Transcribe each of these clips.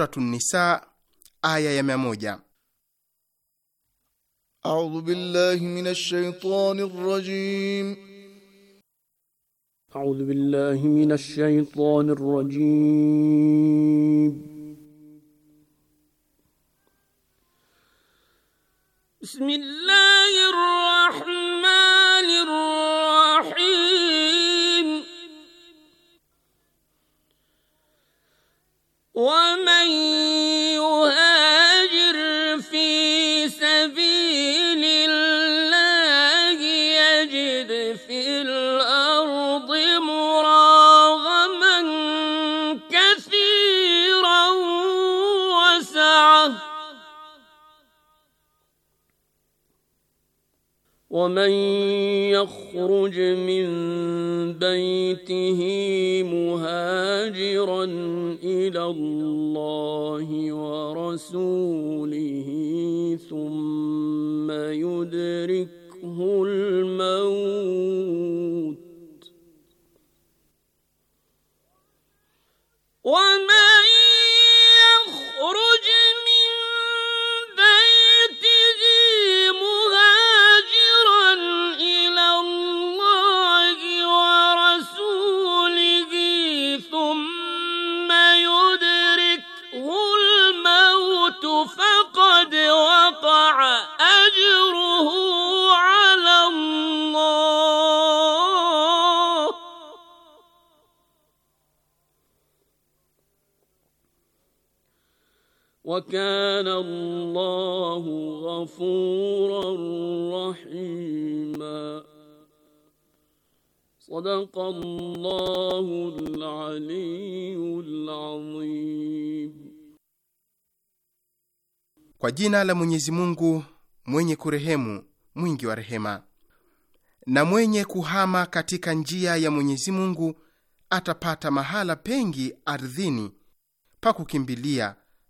Suratu Nisa aya ya mia moja. A'udhu billahi minash shaitani rajim. A'udhu billahi minash shaitani rajim. في الأرض مراغما كثيرا وسعة ومن يخرج من بيته مهاجرا إلى الله ورسوله ثم يدرك kana Allahu ghafuran rahima. Sadaqa Allahu al azim. Kwa jina la Mwenyezi Mungu mwenye kurehemu mwingi wa rehema. Na mwenye kuhama katika njia ya Mwenyezi Mungu atapata mahala pengi ardhini pa kukimbilia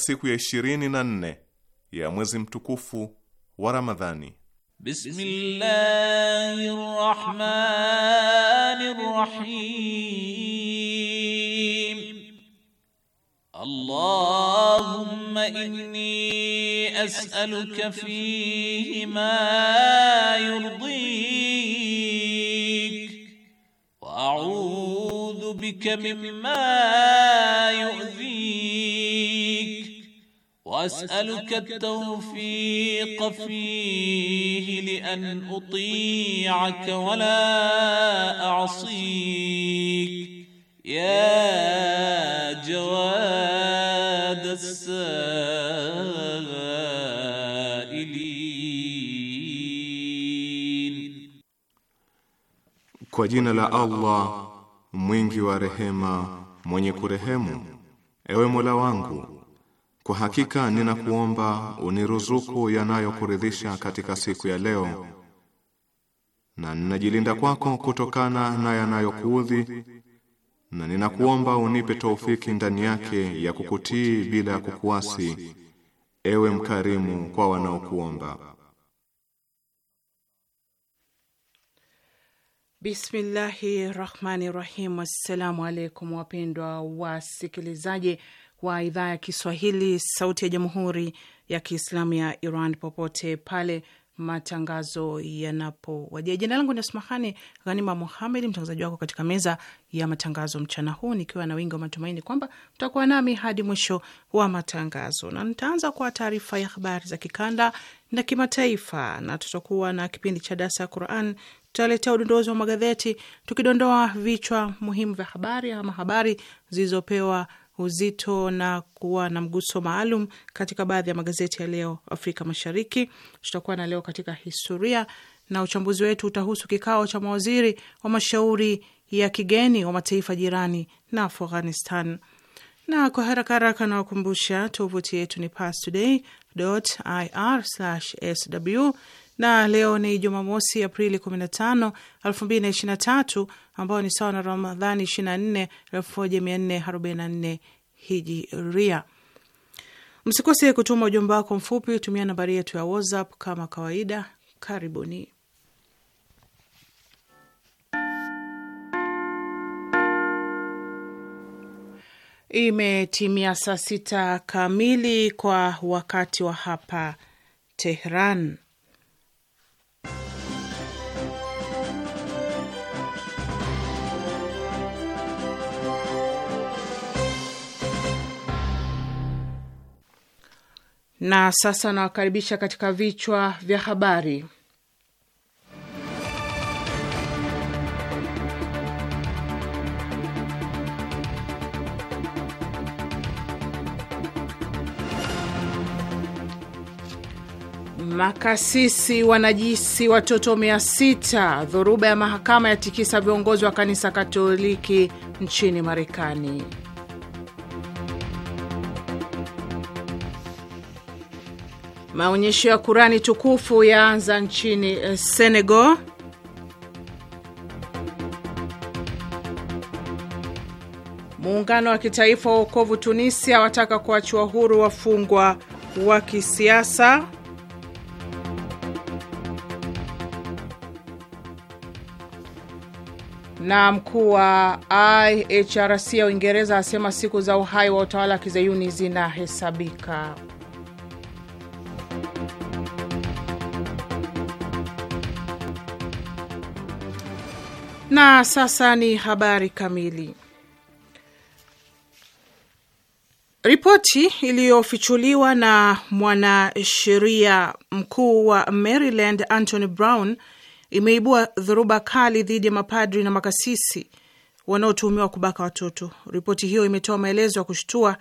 siku ya ishirini na nne ya mwezi mtukufu wa Ramadhani. Bismillahirrahmanirrahim. Allahumma inni as'aluka fihi ma yurdik wa a'udhu bika mimma yu'dhik واسالك التوفيق فيه لان اطيعك ولا اعصيك يا جواد السائلين كوجين لا الله موينجي ورحمه مونيكو رحمه ايوه مولا وانكو Kwa hakika ninakuomba uniruzuku yanayokuridhisha katika siku ya leo, na ninajilinda kwako kutokana na yanayokuudhi, na ninakuomba unipe taufiki ndani yake ya kukutii bila ya kukuasi, ewe mkarimu kwa wanaokuomba. Bismillahi rahmani rahim. Assalamu alaikum wapendwa wasikilizaji wa idhaa ya Kiswahili sauti ya jamhuri ya Kiislamu ya Iran popote pale matangazo yanapowajia. Jina langu ni Asmahani Ghanima Muhamed, mtangazaji wako katika meza ya matangazo mchana huu, nikiwa na wingi wa matumaini kwamba mtakuwa nami hadi mwisho wa matangazo, na nitaanza kwa taarifa ya habari za kikanda na kimataifa, na tutakuwa na kipindi cha darsa ya Quran. Tutaletea udondozi wa magazeti tukidondoa vichwa muhimu vya habari ama habari zilizopewa uzito na kuwa na mguso maalum katika baadhi ya magazeti ya leo Afrika Mashariki. Tutakuwa na leo katika historia na uchambuzi wetu utahusu kikao cha mawaziri wa mashauri ya kigeni wa mataifa jirani na Afghanistan. Na kwa haraka haraka nawakumbusha tovuti yetu ni pastoday.ir/sw na leo ni Jumamosi, Aprili 15, 2023 ambayo ni sawa na Ramadhani 24, 1444 hijiria. Msikose kutuma ujumbe wako mfupi, tumia nambari yetu ya WhatsApp kama kawaida. Karibuni. Imetimia saa sita kamili kwa wakati wa hapa Tehran. Na sasa nawakaribisha katika vichwa vya habari. Makasisi wanajisi watoto mia sita. Dhoruba ya mahakama yatikisa viongozi wa kanisa Katoliki nchini Marekani. Maonyesho ya Kurani tukufu yaanza nchini eh, Senegal. Muungano wa kitaifa wa wokovu Tunisia wataka kuachiwa huru wafungwa wa kisiasa. Na mkuu wa IHRC ya Uingereza asema siku za uhai wa utawala wa kizayuni zinahesabika. Na sasa ni habari kamili. Ripoti iliyofichuliwa na mwanasheria mkuu wa Maryland Anthony Brown imeibua dhoruba kali dhidi ya mapadri na makasisi wanaotuhumiwa kubaka watoto. Ripoti hiyo imetoa maelezo ya kushtua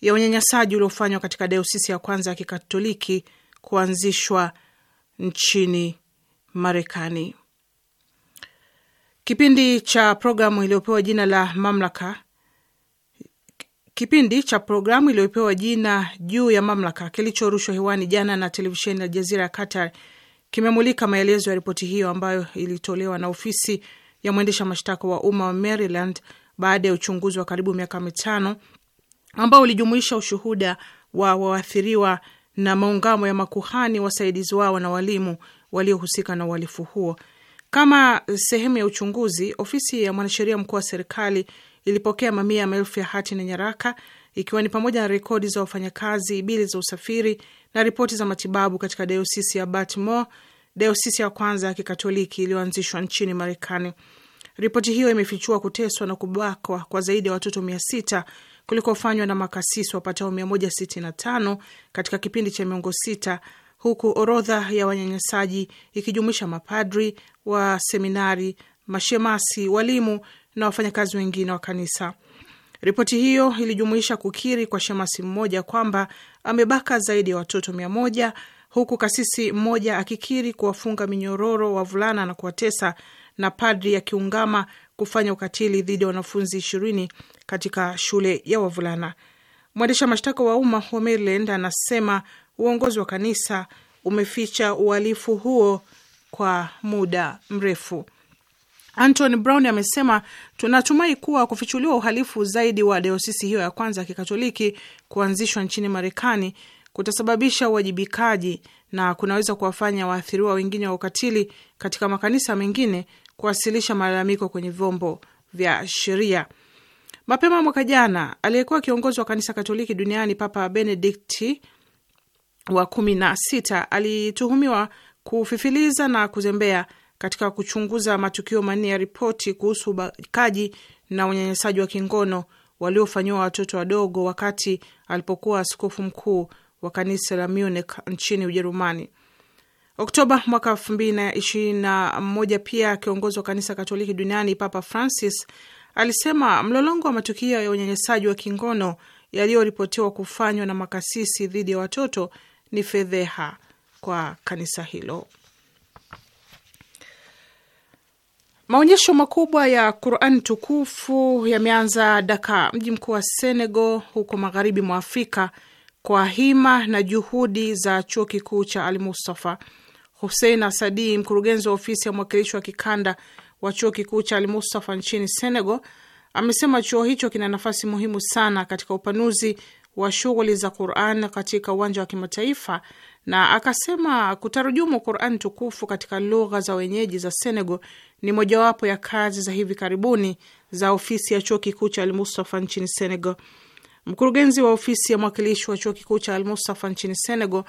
ya unyanyasaji uliofanywa katika dayosisi ya kwanza ya kikatoliki kuanzishwa nchini Marekani. Kipindi cha programu iliyopewa jina la mamlaka, kipindi cha programu iliyopewa jina juu ya mamlaka kilichorushwa hewani jana na televisheni ya Jazira ya Qatar kimemulika maelezo ya ripoti hiyo ambayo ilitolewa na ofisi ya mwendesha mashtaka wa umma wa Maryland baada ya uchunguzi wa karibu miaka mitano ambao ulijumuisha ushuhuda wa waathiriwa na maungamo ya makuhani, wasaidizi wao na walimu waliohusika na uhalifu huo. Kama sehemu ya uchunguzi, ofisi ya mwanasheria mkuu wa serikali ilipokea mamia ya maelfu ya hati na nyaraka, ikiwa ni pamoja na rekodi za wafanyakazi, bili za usafiri na ripoti za matibabu katika dayosisi ya Baltimore, dayosisi ya kwanza ya kikatoliki iliyoanzishwa nchini Marekani. Ripoti hiyo imefichua kuteswa na kubakwa kwa zaidi ya watoto mia sita kulikofanywa na makasisi wapatao 165 katika kipindi cha miongo sita huku orodha ya wanyanyasaji ikijumuisha mapadri wa seminari, mashemasi, walimu na wafanyakazi wengine wa kanisa. Ripoti hiyo ilijumuisha kukiri kwa shemasi mmoja kwamba amebaka zaidi ya watoto mia moja huku kasisi mmoja akikiri kuwafunga minyororo wavulana na kuwatesa na padri akiungama kufanya ukatili dhidi ya wanafunzi ishirini katika shule ya wavulana. Mwendesha mashtaka wa umma wa Maryland anasema uongozi wa kanisa umeficha uhalifu huo kwa muda mrefu. Anton Brown amesema tunatumai kuwa kufichuliwa uhalifu zaidi wa dayosisi hiyo ya kwanza ya kikatoliki kuanzishwa nchini Marekani kutasababisha uwajibikaji na kunaweza kuwafanya waathiriwa wengine wa ukatili katika makanisa mengine kuwasilisha malalamiko kwenye vyombo vya sheria. Mapema mwaka jana, aliyekuwa kiongozi wa kanisa Katoliki duniani Papa Benedikti wa kumi na sita alituhumiwa kufifiliza na kuzembea katika kuchunguza matukio manne ya ripoti kuhusu ubakaji na unyanyasaji wa kingono waliofanyiwa watoto wadogo wakati alipokuwa askofu mkuu wa kanisa la Munich nchini Ujerumani. Oktoba mwaka elfu mbili na ishirini na moja, pia akiongozi wa kanisa Katoliki duniani Papa Francis alisema mlolongo wa matukio ya unyanyasaji wa kingono yaliyoripotiwa kufanywa na makasisi dhidi ya watoto ni fedheha kwa kanisa hilo. Maonyesho makubwa ya quran tukufu yameanza Dakar, mji mkuu wa Senegal, huko magharibi mwa Afrika, kwa hima na juhudi za chuo kikuu cha Al Mustafa. Hussein Asadi, mkurugenzi wa ofisi ya mwakilishi wa kikanda wa chuo kikuu cha Al Mustafa nchini Senegal, amesema chuo hicho kina nafasi muhimu sana katika upanuzi wa shughuli za Quran katika uwanja wa kimataifa, na akasema kutarujumu Quran tukufu katika lugha za wenyeji za Senegal ni mojawapo ya kazi za hivi karibuni za ofisi ya chuo kikuu cha Almustafa nchini Senegal. Mkurugenzi wa ofisi ya mwakilishi wa chuo kikuu cha Almustafa nchini Senegal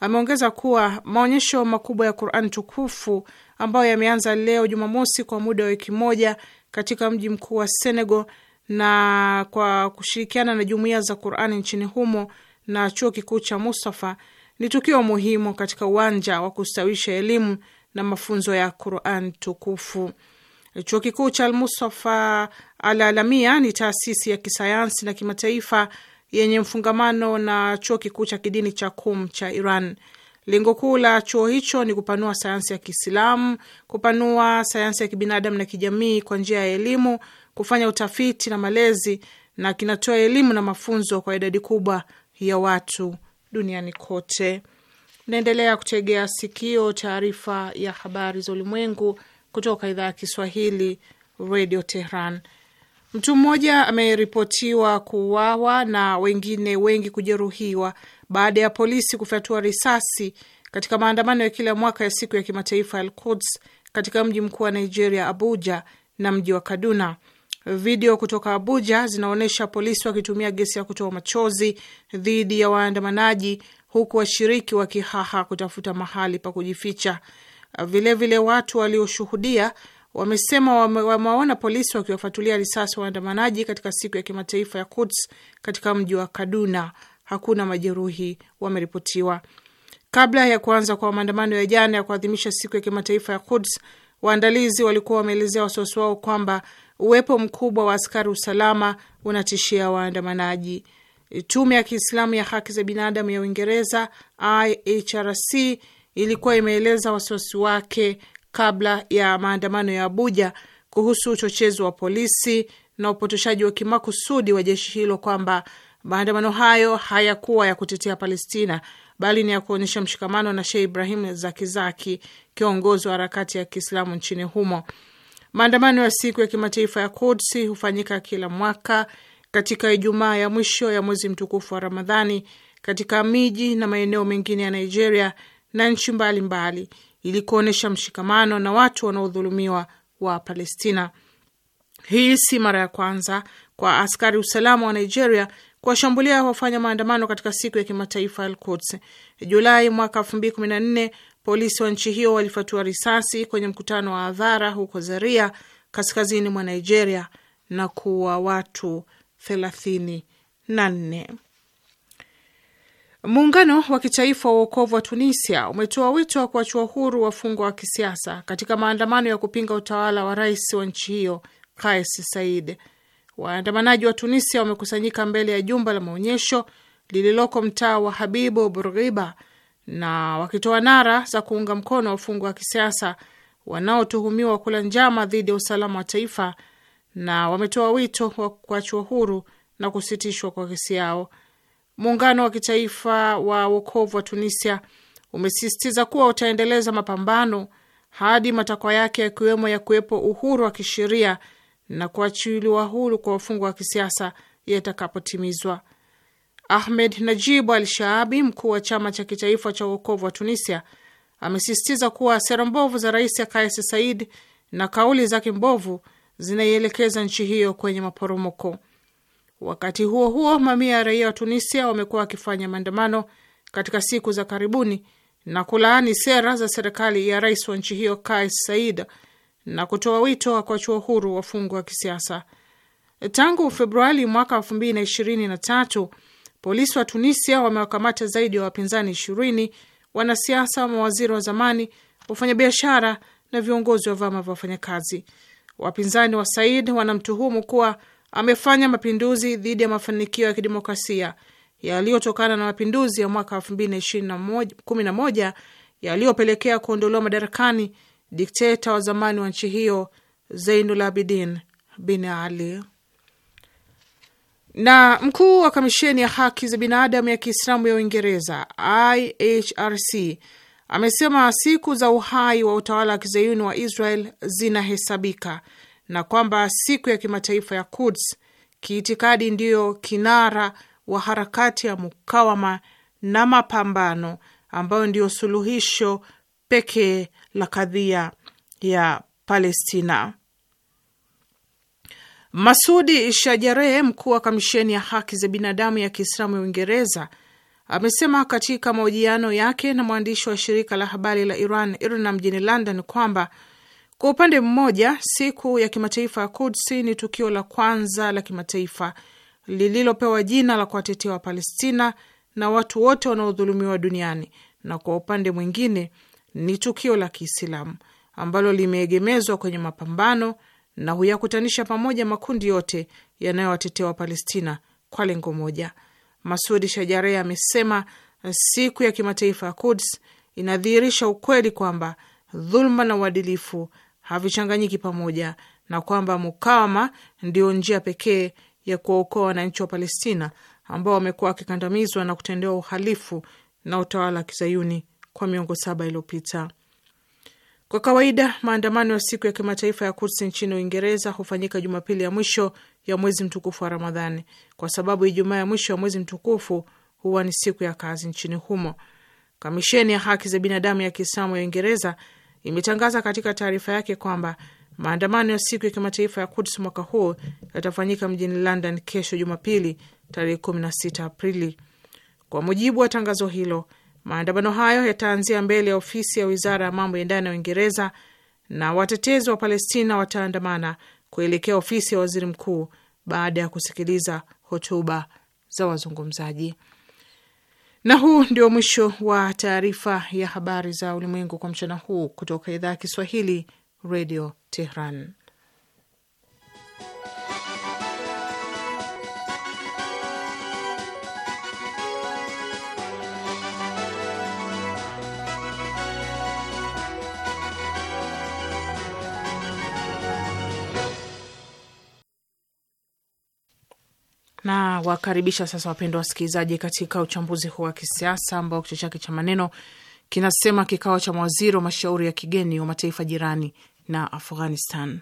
ameongeza kuwa maonyesho makubwa ya Quran tukufu ambayo yameanza leo Jumamosi kwa muda wa wiki moja katika mji mkuu wa Senegal na kwa kushirikiana na jumuiya za Qurani nchini humo na chuo kikuu cha Mustafa ni tukio muhimu katika uwanja wa kustawisha elimu na mafunzo ya Quran tukufu. Chuo kikuu cha Almustafa alamia ni taasisi ya kisayansi na kimataifa yenye mfungamano na chuo kikuu cha kidini cha Kum cha Iran. Lengo kuu la chuo hicho ni kupanua sayansi ya Kiislamu, kupanua sayansi ya kibinadamu na kijamii kwa njia ya elimu kufanya utafiti na malezi na kinatoa elimu na mafunzo kwa idadi kubwa ya watu duniani kote. Naendelea kutegea sikio taarifa ya habari za ulimwengu kutoka idhaa ya Kiswahili, Radio Tehran. Mtu mmoja ameripotiwa kuuawa na wengine wengi kujeruhiwa baada ya polisi kufyatua risasi katika maandamano ya kila mwaka ya siku ya kimataifa ya Al-Quds katika mji mkuu wa Nigeria, Abuja, na mji wa Kaduna. Video kutoka Abuja zinaonyesha polisi wakitumia gesi ya kutoa machozi dhidi ya waandamanaji, huku washiriki wakihaha kutafuta mahali pa kujificha. Vilevile vile watu walioshuhudia wamesema wamewaona polisi wakiwafatulia risasi waandamanaji katika siku ya kimataifa ya Quds katika mji wa Kaduna. Hakuna majeruhi wameripotiwa. Kabla ya kuanza kwa maandamano ya jana ya kuadhimisha siku ya kimataifa ya Quds, waandalizi walikuwa wameelezea wasiwasi wao kwamba uwepo mkubwa wa askari usalama unatishia waandamanaji. Tume ya Kiislamu ya Haki za Binadamu ya Uingereza, IHRC, ilikuwa imeeleza wasiwasi wake kabla ya maandamano ya Abuja kuhusu uchochezi wa polisi na upotoshaji wa kimakusudi wa jeshi hilo kwamba maandamano hayo hayakuwa ya kutetea Palestina bali ni ya kuonyesha mshikamano na Sheikh Ibrahim Zakizaki, kiongozi wa harakati ya Kiislamu nchini humo. Maandamano ya siku ya kimataifa ya Kudsi hufanyika kila mwaka katika Ijumaa ya mwisho ya mwezi mtukufu wa Ramadhani katika miji na maeneo mengine ya Nigeria na nchi mbalimbali ili kuonyesha mshikamano na watu wanaodhulumiwa wa Palestina. Hii si mara ya kwanza kwa askari usalama wa Nigeria kuwashambulia wafanya maandamano katika siku ya kimataifa ya Al-Quds. Julai mwaka Polisi wa nchi hiyo walifatua risasi kwenye mkutano wa hadhara huko Zaria, kaskazini mwa Nigeria, na kuua watu 34. Muungano wa kitaifa wa uokovu wa Tunisia umetoa wito wa kuachua huru wafungwa wa kisiasa katika maandamano ya kupinga utawala wa rais wa nchi hiyo Kais said Waandamanaji wa Tunisia wamekusanyika mbele ya jumba la maonyesho lililoko mtaa wa Habibu Burgiba na wakitoa nara za kuunga mkono wafungwa wa kisiasa wanaotuhumiwa kula njama dhidi ya usalama wa taifa, na wametoa wito wa kuachwa huru na kusitishwa kwa kesi yao. Muungano wa kitaifa wa wokovu wa Tunisia umesisitiza kuwa utaendeleza mapambano hadi matakwa yake yakiwemo ya kuwepo uhuru wa kisheria na kuachiliwa huru kwa wafungwa wa kisiasa yatakapotimizwa. Ahmed Najib Al Shaabi, mkuu wa chama cha kitaifa cha uokovu wa Tunisia, amesisitiza kuwa sera mbovu za Rais Kais Said na kauli zake mbovu zinaielekeza nchi hiyo kwenye maporomoko. Wakati huo huo, mamia ya raia wa Tunisia wamekuwa wakifanya maandamano katika siku za karibuni na kulaani sera za serikali ya rais wa nchi hiyo Kais said na kutoa wito wa kuachiwa huru wafungwa wa kisiasa. Tangu Februari mwaka elfu mbili na ishirini na tatu Polisi wa Tunisia wamewakamata zaidi ya wa wapinzani ishirini, wanasiasa, mawaziri wa zamani, wafanyabiashara na viongozi wa vyama vya wafanyakazi. Wapinzani wa Said wanamtuhumu kuwa amefanya mapinduzi dhidi ya mafanikio ya kidemokrasia yaliyotokana na mapinduzi ya mwaka moja yaliyopelekea kuondolewa madarakani dikteta wa zamani wa nchi hiyo zeinulabidin Abidin Bin Ali. Na mkuu wa kamisheni ya haki za binadamu ya Kiislamu ya Uingereza IHRC amesema siku za uhai wa utawala wa kizayuni wa Israel zinahesabika na kwamba siku ya kimataifa ya Quds kiitikadi ndiyo kinara wa harakati ya mukawama na mapambano ambayo ndiyo suluhisho pekee la kadhia ya Palestina. Masudi shajare mkuu wa kamisheni ya haki za binadamu ya Kiislamu ya Uingereza, amesema katika mahojiano yake na mwandishi wa shirika la habari la Iran IRNA mjini London kwamba kwa upande mmoja, siku ya kimataifa ya Kudsi ni tukio la kwanza la kimataifa lililopewa jina la kuwatetea Wapalestina na watu wote wanaodhulumiwa duniani, na kwa upande mwingine ni tukio la Kiislamu ambalo limeegemezwa kwenye mapambano na huyakutanisha pamoja makundi yote yanayowatetea Wapalestina kwa lengo moja. Masudi shajare amesema siku ya kimataifa ya Kuds inadhihirisha ukweli kwamba dhuluma na uadilifu havichanganyiki pamoja na kwamba mukawama ndio njia pekee ya kuwaokoa wananchi wa Palestina ambao wamekuwa wakikandamizwa na kutendewa uhalifu na utawala wa kizayuni kwa miongo saba iliyopita. Kwa kawaida maandamano ya siku ya kimataifa ya Quds nchini Uingereza hufanyika Jumapili ya mwisho ya mwezi mtukufu wa Ramadhani kwa sababu Ijumaa ya mwisho ya mwezi mtukufu huwa ni siku ya kazi nchini humo. Kamisheni ya haki za binadamu ya Kiislamu ya Uingereza imetangaza katika taarifa yake kwamba maandamano ya siku ya kimataifa ya Quds mwaka huu yatafanyika mjini London kesho Jumapili tarehe 16 Aprili. Kwa mujibu wa tangazo hilo Maandamano hayo yataanzia mbele ya ofisi ya wizara ya mambo ya ndani ya Uingereza na watetezi wa Palestina wataandamana kuelekea ofisi ya waziri mkuu baada ya kusikiliza hotuba za wazungumzaji. Na huu ndio mwisho wa taarifa ya habari za ulimwengu kwa mchana huu kutoka idhaa ya Kiswahili, Radio Tehran. na wakaribisha sasa wapendwa wasikilizaji, katika uchambuzi huu wa kisiasa ambao kichwa chake cha maneno kinasema kikao cha mawaziri wa mashauri ya kigeni wa mataifa jirani na Afghanistan.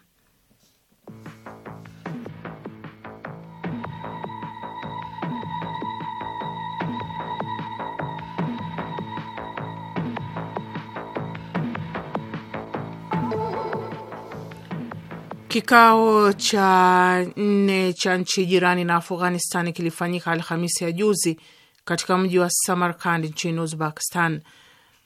Kikao cha nne cha nchi jirani na Afghanistan kilifanyika Alhamisi ya juzi katika mji wa Samarkand nchini Uzbekistan.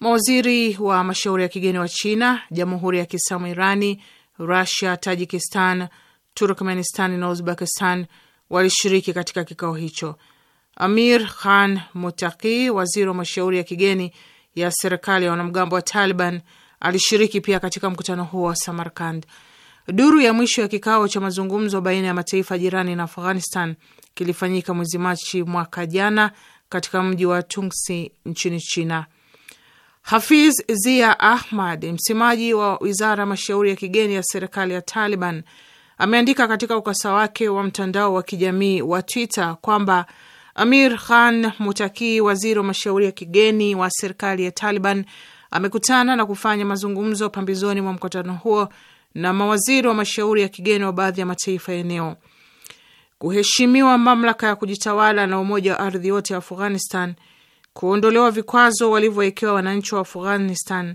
Mawaziri wa mashauri ya kigeni wa China, Jamhuri ya Kiislamu Irani, Rusia, Tajikistan, Turkmenistan na Uzbekistan walishiriki katika kikao hicho. Amir Khan Mutaki, waziri wa mashauri ya kigeni ya serikali ya wanamgambo wa Taliban, alishiriki pia katika mkutano huo wa Samarkand. Duru ya mwisho ya kikao cha mazungumzo baina ya mataifa jirani na Afghanistan kilifanyika mwezi Machi mwaka jana katika mji wa Tungsi nchini China. Hafiz Zia Ahmad, msemaji wa wizara mashauri ya kigeni ya serikali ya Taliban, ameandika katika ukasa wake wa mtandao wa kijamii wa Twitter kwamba Amir Khan Mutaki, waziri wa mashauri ya kigeni wa serikali ya Taliban, amekutana na kufanya mazungumzo pambizoni mwa mkutano huo na mawaziri wa mashauri ya kigeni wa baadhi ya mataifa ya eneo. Kuheshimiwa mamlaka ya kujitawala na umoja wa ardhi yote ya Afghanistan, kuondolewa vikwazo walivyowekewa wananchi wa Afghanistan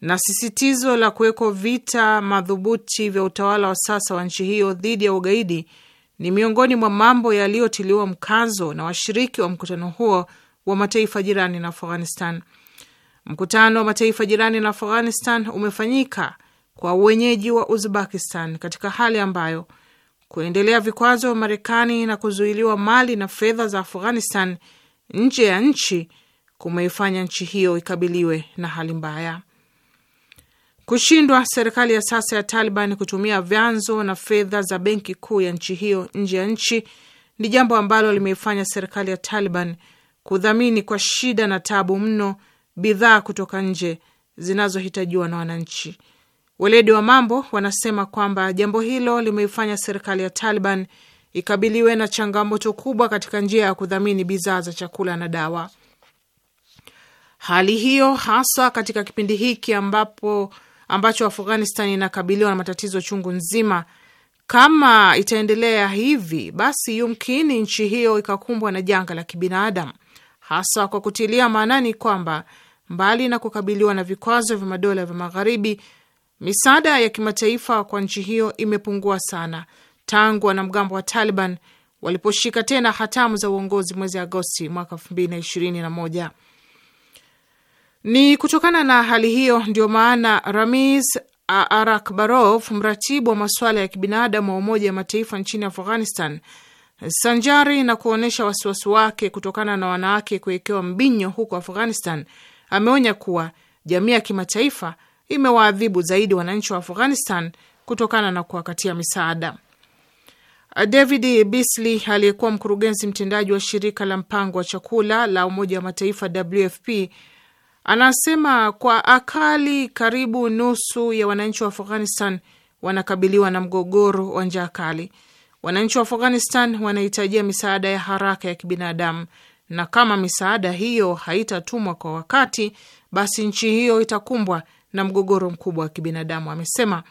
na sisitizo la kuwekwa vita madhubuti vya utawala wa sasa wa nchi hiyo dhidi ya ugaidi ni miongoni mwa mambo yaliyotiliwa mkazo na washiriki wa mkutano huo wa mataifa jirani na Afghanistan. Mkutano wa mataifa jirani na Afghanistan umefanyika kwa wenyeji wa Uzbekistan katika hali ambayo kuendelea vikwazo vya Marekani na kuzuiliwa mali na fedha za Afghanistan nje ya nchi kumeifanya nchi hiyo ikabiliwe na hali mbaya. Kushindwa serikali ya sasa ya Taliban kutumia vyanzo na fedha za benki kuu ya nchi hiyo nje ya nchi ni jambo ambalo limeifanya serikali ya Taliban kudhamini kwa shida na tabu mno bidhaa kutoka nje zinazohitajiwa na wananchi. Weledi wa mambo wanasema kwamba jambo hilo limeifanya serikali ya Taliban ikabiliwe na changamoto kubwa katika njia ya kudhamini bidhaa za chakula na dawa. Hali hiyo hasa katika kipindi hiki ambapo ambacho Afghanistan inakabiliwa na matatizo chungu nzima. Kama itaendelea hivi, basi yumkini nchi hiyo ikakumbwa na janga la kibinadamu, hasa kwa kutilia maanani kwamba mbali na kukabiliwa na vikwazo vya madola vya Magharibi Misaada ya kimataifa kwa nchi hiyo imepungua sana tangu wanamgambo wa Taliban waliposhika tena hatamu za uongozi mwezi Agosti mwaka 2021. Ni kutokana na hali hiyo ndio maana Ramiz Arakbarov, mratibu wa masuala ya kibinadamu wa Umoja wa Mataifa nchini Afghanistan, sanjari na kuonyesha wasiwasi wake kutokana na wanawake kuwekewa mbinyo huko Afghanistan, ameonya kuwa jamii ya kimataifa imewaadhibu zaidi wananchi wa Afghanistan kutokana na kuwakatia misaada. David Beasley aliyekuwa mkurugenzi mtendaji wa shirika la mpango wa chakula la Umoja wa Mataifa WFP anasema kwa akali karibu nusu ya wananchi wa Afghanistan wanakabiliwa na mgogoro wa njaa kali. Wananchi wa Afghanistan wanahitajia misaada ya haraka ya kibinadamu, na kama misaada hiyo haitatumwa kwa wakati, basi nchi hiyo itakumbwa na mgogoro mkubwa wa kibinadamu. Amesema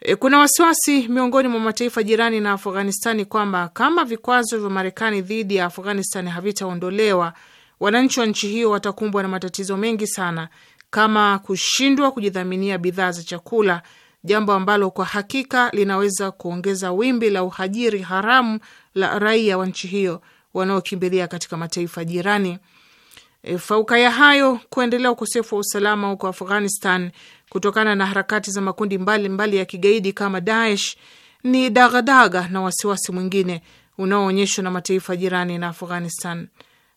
e, kuna wasiwasi miongoni mwa mataifa jirani na Afghanistani kwamba kama vikwazo vya Marekani dhidi ya afghanistan havitaondolewa, wananchi wa nchi hiyo watakumbwa na matatizo mengi sana, kama kushindwa kujidhaminia bidhaa za chakula, jambo ambalo kwa hakika linaweza kuongeza wimbi la uhajiri haramu la raia wa nchi hiyo wanaokimbilia katika mataifa jirani faukaya e, fauka ya hayo kuendelea ukosefu wa usalama huko Afghanistan kutokana na harakati za makundi mbalimbali mbali ya kigaidi kama Daesh ni dagadaga na wasiwasi mwingine unaoonyeshwa na mataifa jirani na Afghanistan.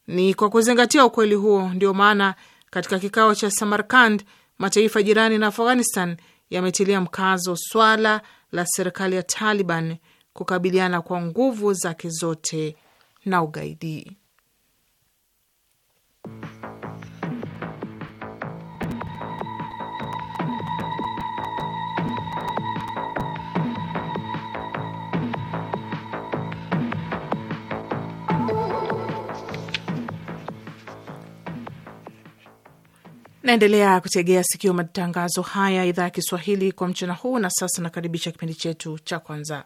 Ni kwa kuzingatia ukweli huo ndio maana katika kikao cha Samarkand mataifa jirani na Afghanistan yametilia mkazo swala la serikali ya Taliban kukabiliana kwa nguvu zake zote na ugaidi. Naendelea kutegea sikio matangazo haya idhaa ya Kiswahili kwa mchana huu, na sasa nakaribisha kipindi chetu cha kwanza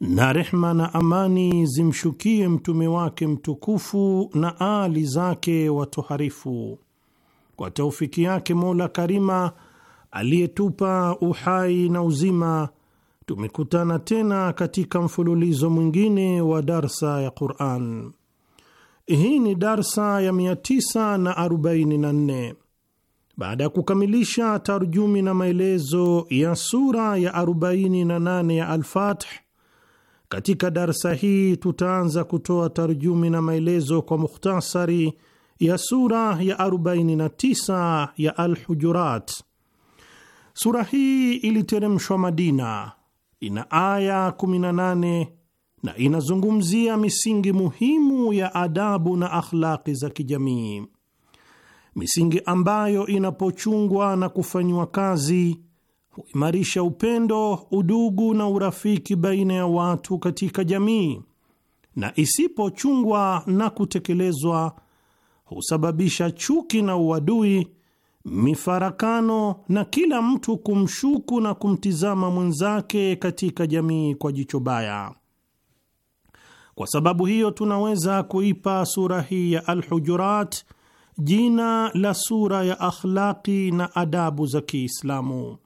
na rehma na amani zimshukie mtume wake mtukufu na aali zake watoharifu. Kwa taufiki yake Mola Karima aliyetupa uhai na uzima, tumekutana tena katika mfululizo mwingine wa darsa ya Quran. Hii ni darsa ya 944 baada ya kukamilisha tarjumi na maelezo ya sura ya 48 ya Alfath. Katika darsa hii tutaanza kutoa tarjumi na maelezo kwa mukhtasari ya sura ya 49 ya alhujurat Sura hii iliteremshwa Madina, ina aya 18 na inazungumzia misingi muhimu ya adabu na akhlaqi za kijamii, misingi ambayo inapochungwa na kufanyiwa kazi huimarisha upendo, udugu na urafiki baina ya watu katika jamii, na isipochungwa na kutekelezwa husababisha chuki na uadui, mifarakano na kila mtu kumshuku na kumtizama mwenzake katika jamii kwa jicho baya. Kwa sababu hiyo tunaweza kuipa sura hii ya alhujurat jina la sura ya akhlaqi na adabu za Kiislamu.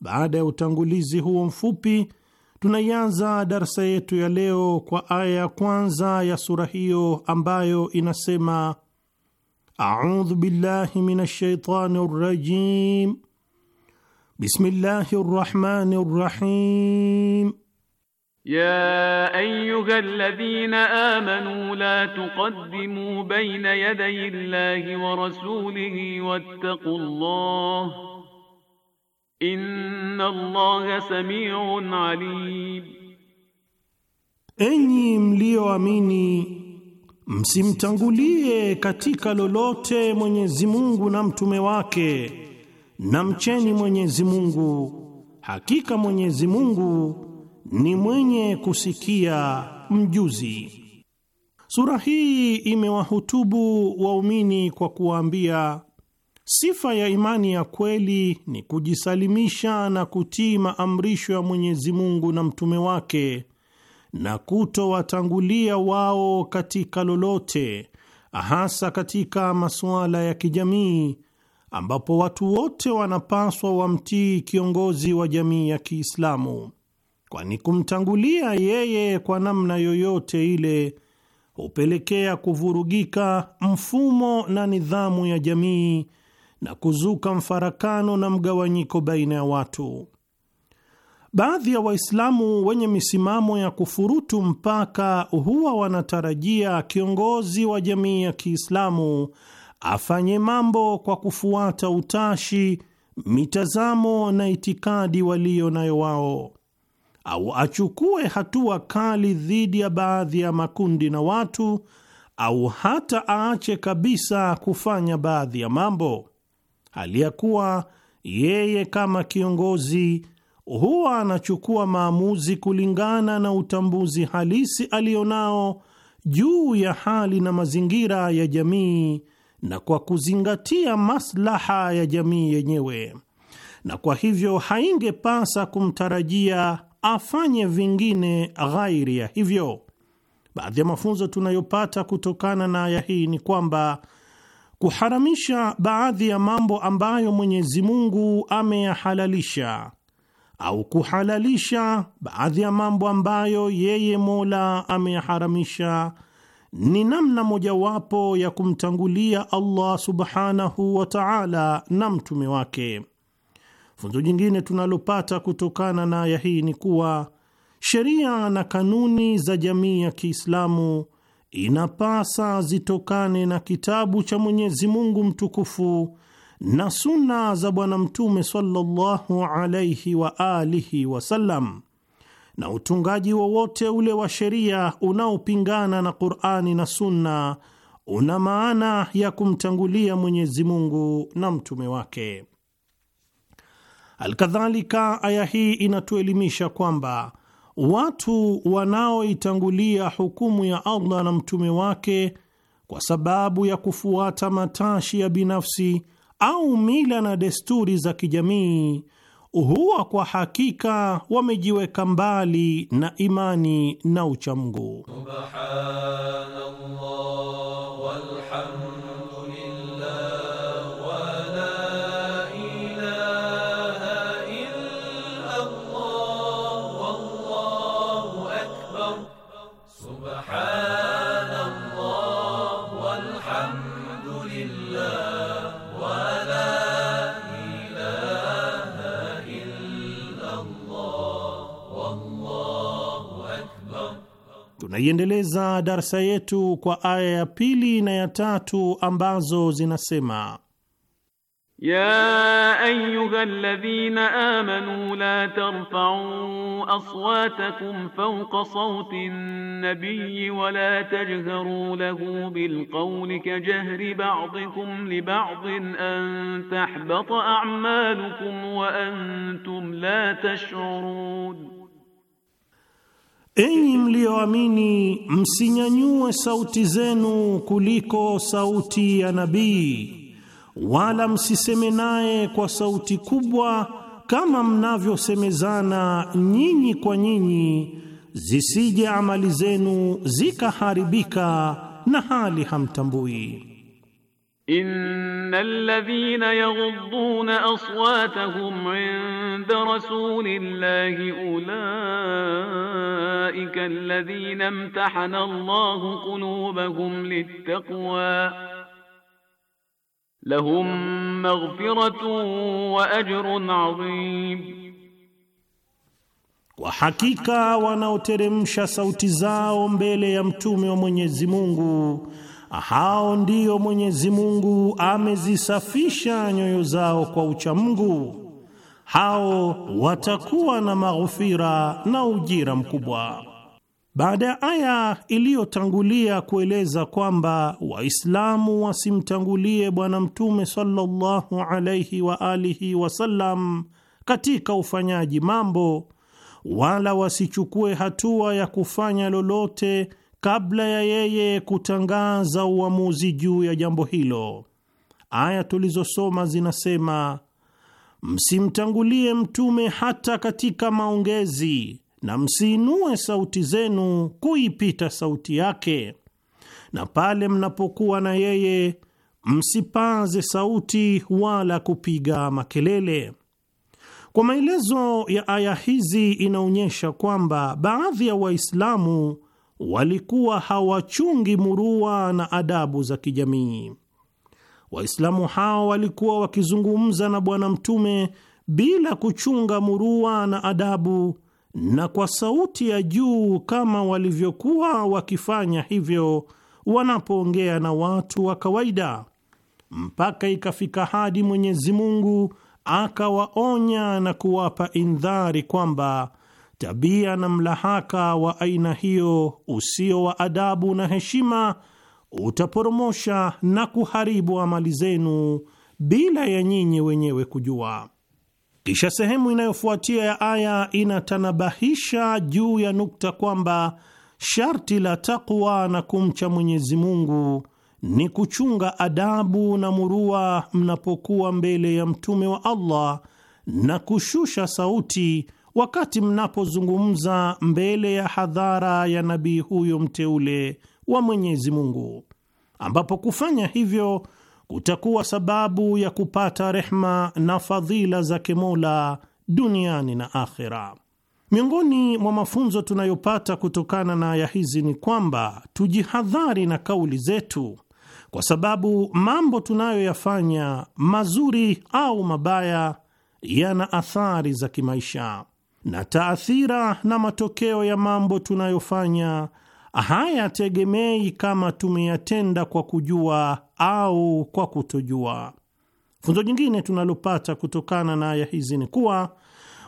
Baada ya utangulizi huo mfupi, tunaianza darsa yetu ya leo kwa aya ya kwanza ya sura hiyo ambayo inasema: audhu billahi minash shaitani rajim bismillahi rahmani rahim ya ayyuha alladhina amanu la tuqaddimu bayna yaday Allahi wa rasulihi wattaqullah Inna Allaha samiun alim, enyi mlioamini msimtangulie katika lolote Mwenyezi Mungu na mtume wake, na mcheni Mwenyezi Mungu. Hakika Mwenyezi Mungu ni mwenye kusikia mjuzi. Sura hii imewahutubu waumini kwa kuwaambia Sifa ya imani ya kweli ni kujisalimisha na kutii maamrisho ya Mwenyezi Mungu na mtume wake na kutowatangulia wao katika lolote, hasa katika masuala ya kijamii, ambapo watu wote wanapaswa wamtii kiongozi wa jamii ya Kiislamu, kwani kumtangulia yeye kwa namna yoyote ile hupelekea kuvurugika mfumo na nidhamu ya jamii na kuzuka mfarakano na mgawanyiko baina ya watu. Baadhi ya Waislamu wenye misimamo ya kufurutu mpaka huwa wanatarajia kiongozi wa jamii ya Kiislamu afanye mambo kwa kufuata utashi, mitazamo na itikadi waliyo nayo wao, au achukue hatua kali dhidi ya baadhi ya makundi na watu, au hata aache kabisa kufanya baadhi ya mambo hali yeye kama kiongozi huwa anachukua maamuzi kulingana na utambuzi halisi alionao juu ya hali na mazingira ya jamii na kwa kuzingatia maslaha ya jamii yenyewe, na kwa hivyo haingepasa kumtarajia afanye vingine ghairi ya hivyo. Baadhi ya mafunzo tunayopata kutokana na aya hii ni kwamba kuharamisha baadhi ya mambo ambayo Mwenyezi Mungu ameyahalalisha au kuhalalisha baadhi ya mambo ambayo yeye Mola ameyaharamisha ni namna mojawapo ya kumtangulia Allah subhanahu wa ta'ala na mtume wake. Funzo jingine tunalopata kutokana na aya hii ni kuwa sheria na kanuni za jamii ya Kiislamu inapasa zitokane na kitabu cha Mwenyezi Mungu mtukufu na sunna za Bwana Mtume sallallahu alaihi wa alihi wasallam, na utungaji wowote ule wa sheria unaopingana na Qur'ani na sunna una maana ya kumtangulia Mwenyezi Mungu na mtume wake. Alkadhalika, aya hii inatuelimisha kwamba watu wanaoitangulia hukumu ya Allah na mtume wake kwa sababu ya kufuata matashi ya binafsi au mila na desturi za kijamii huwa kwa hakika wamejiweka mbali na imani na uchamungu. Subhanallah walhamdulillah Tunaiendeleza darsa yetu kwa aya ya pili na ya tatu ambazo zinasema: ya ayuha alladhina amanu la tarfa'u aswatakum fawqa sawti an-nabiyyi wa la tajharu lahu bilqawli kajahri ba'dikum li ba'din an tahbata a'malukum wa antum la tash'urun Enyi mlioamini, msinyanyue sauti zenu kuliko sauti ya nabii, wala msiseme naye kwa sauti kubwa kama mnavyosemezana nyinyi kwa nyinyi, zisije amali zenu zikaharibika na hali hamtambui. Innal ladhina yaghudduna aswatahum 'inda rasulillahi ulaika alladhina imtahana Allahu qulubahum littaqwa lahum maghfiratun wa ajrun 'azim kwa hakika wanaoteremsha sauti zao mbele ya mtume wa Mwenyezi Mungu hao ndio Mwenyezi Mungu amezisafisha nyoyo zao kwa uchamungu, hao watakuwa na maghfira na ujira mkubwa. Baada ya aya iliyotangulia kueleza kwamba Waislamu wasimtangulie Bwana Mtume sallallahu alayhi wa alihi wasallam katika ufanyaji mambo, wala wasichukue hatua ya kufanya lolote kabla ya yeye kutangaza uamuzi juu ya jambo hilo. Aya tulizosoma zinasema, msimtangulie mtume hata katika maongezi, na msiinue sauti zenu kuipita sauti yake, na pale mnapokuwa na yeye msipaze sauti wala kupiga makelele. Kwa maelezo ya aya hizi, inaonyesha kwamba baadhi ya Waislamu walikuwa hawachungi murua na adabu za kijamii. Waislamu hao walikuwa wakizungumza na Bwana Mtume bila kuchunga murua na adabu na kwa sauti ya juu kama walivyokuwa wakifanya hivyo wanapoongea na watu wa kawaida, mpaka ikafika hadi Mwenyezi Mungu akawaonya na kuwapa indhari kwamba tabia na mlahaka wa aina hiyo usio wa adabu na heshima utaporomosha na kuharibu amali zenu bila ya nyinyi wenyewe kujua. Kisha sehemu inayofuatia ya aya inatanabahisha juu ya nukta kwamba sharti la takwa na kumcha Mwenyezi Mungu ni kuchunga adabu na murua mnapokuwa mbele ya mtume wa Allah na kushusha sauti wakati mnapozungumza mbele ya hadhara ya nabii huyo mteule wa Mwenyezi Mungu, ambapo kufanya hivyo kutakuwa sababu ya kupata rehma na fadhila za kemola duniani na akhera. Miongoni mwa mafunzo tunayopata kutokana na aya hizi ni kwamba tujihadhari na kauli zetu, kwa sababu mambo tunayoyafanya mazuri au mabaya yana athari za kimaisha na taathira na matokeo ya mambo tunayofanya hayategemei kama tumeyatenda kwa kujua au kwa kutojua. Funzo jingine tunalopata kutokana na aya hizi ni kuwa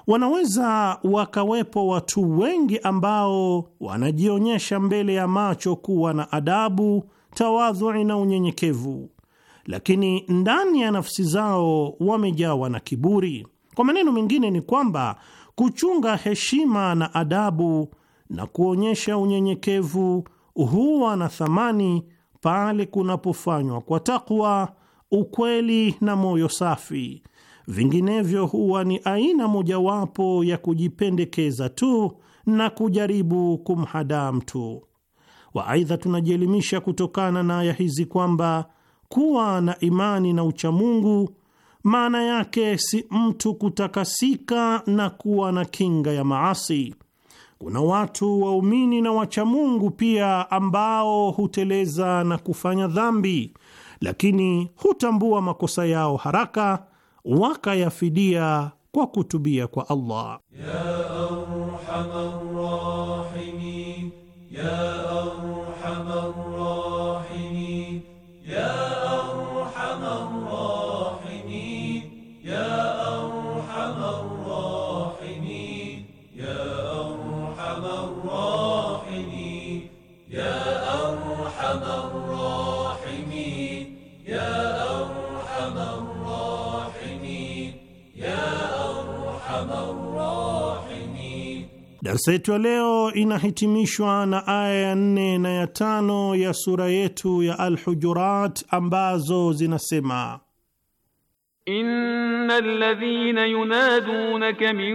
wanaweza wakawepo watu wengi ambao wanajionyesha mbele ya macho kuwa na adabu, tawadhui na unyenyekevu, lakini ndani ya nafsi zao wamejawa na kiburi. Kwa maneno mengine, ni kwamba kuchunga heshima na adabu na kuonyesha unyenyekevu huwa na thamani pale kunapofanywa kwa takwa, ukweli na moyo safi. Vinginevyo huwa ni aina mojawapo ya kujipendekeza tu na kujaribu kumhadaa mtu wa. Aidha, tunajielimisha kutokana na aya hizi kwamba kuwa na imani na uchamungu maana yake si mtu kutakasika na kuwa na kinga ya maasi. Kuna watu waumini na wachamungu pia ambao huteleza na kufanya dhambi, lakini hutambua makosa yao haraka wakayafidia kwa kutubia kwa Allah ya Darsa yetu ya leo inahitimishwa na aya ya nne na ya tano ya sura yetu ya alhujurat ambazo zinasema Inna alladhina yunadunaka min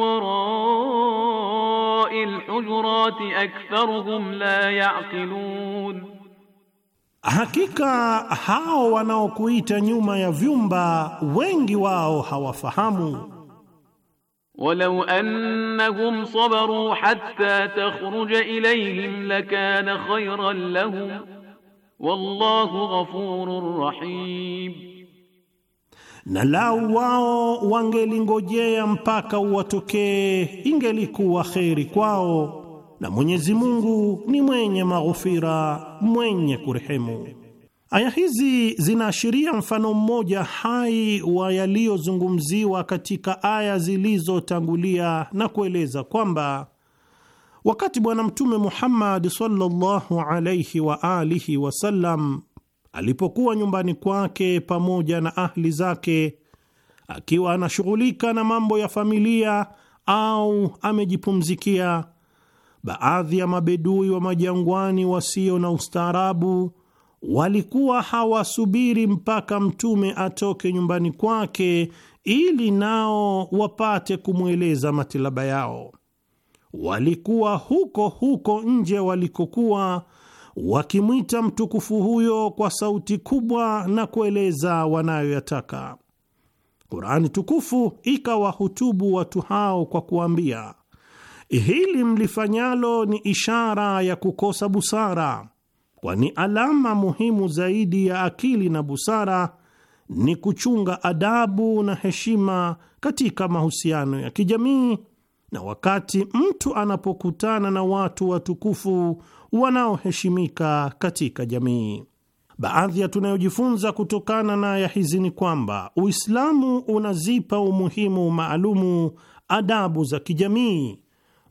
warai al aktharuhum la yaqilun, hakika hao wanaokuita nyuma ya vyumba wengi wao hawafahamu ولو أنهم صبروا حتى تخرج إليهم لكان خيرا لهم والله غفور رحيم na lau wao wangelingojea mpaka uwatokee ingelikuwa kheri kwao, na Mwenyezi Mungu ni mwenye maghufira mwenye kurehemu. Aya hizi zinaashiria mfano mmoja hai wa yaliyozungumziwa katika aya zilizotangulia na kueleza kwamba wakati Bwana Mtume Muhammad sallallahu wa alihi wasallam alipokuwa nyumbani kwake pamoja na ahli zake, akiwa anashughulika na mambo ya familia au amejipumzikia, baadhi ya mabedui wa majangwani wasio na ustaarabu walikuwa hawasubiri mpaka mtume atoke nyumbani kwake ili nao wapate kumweleza matilaba yao. Walikuwa huko huko nje walikokuwa wakimwita mtukufu huyo kwa sauti kubwa na kueleza wanayoyataka. Kurani tukufu ikawahutubu watu hao kwa kuambia, hili mlifanyalo ni ishara ya kukosa busara kwani alama muhimu zaidi ya akili na busara ni kuchunga adabu na heshima katika mahusiano ya kijamii na wakati mtu anapokutana na watu watukufu wanaoheshimika katika jamii. Baadhi ya tunayojifunza kutokana na ya hizi ni kwamba Uislamu unazipa umuhimu maalumu adabu za kijamii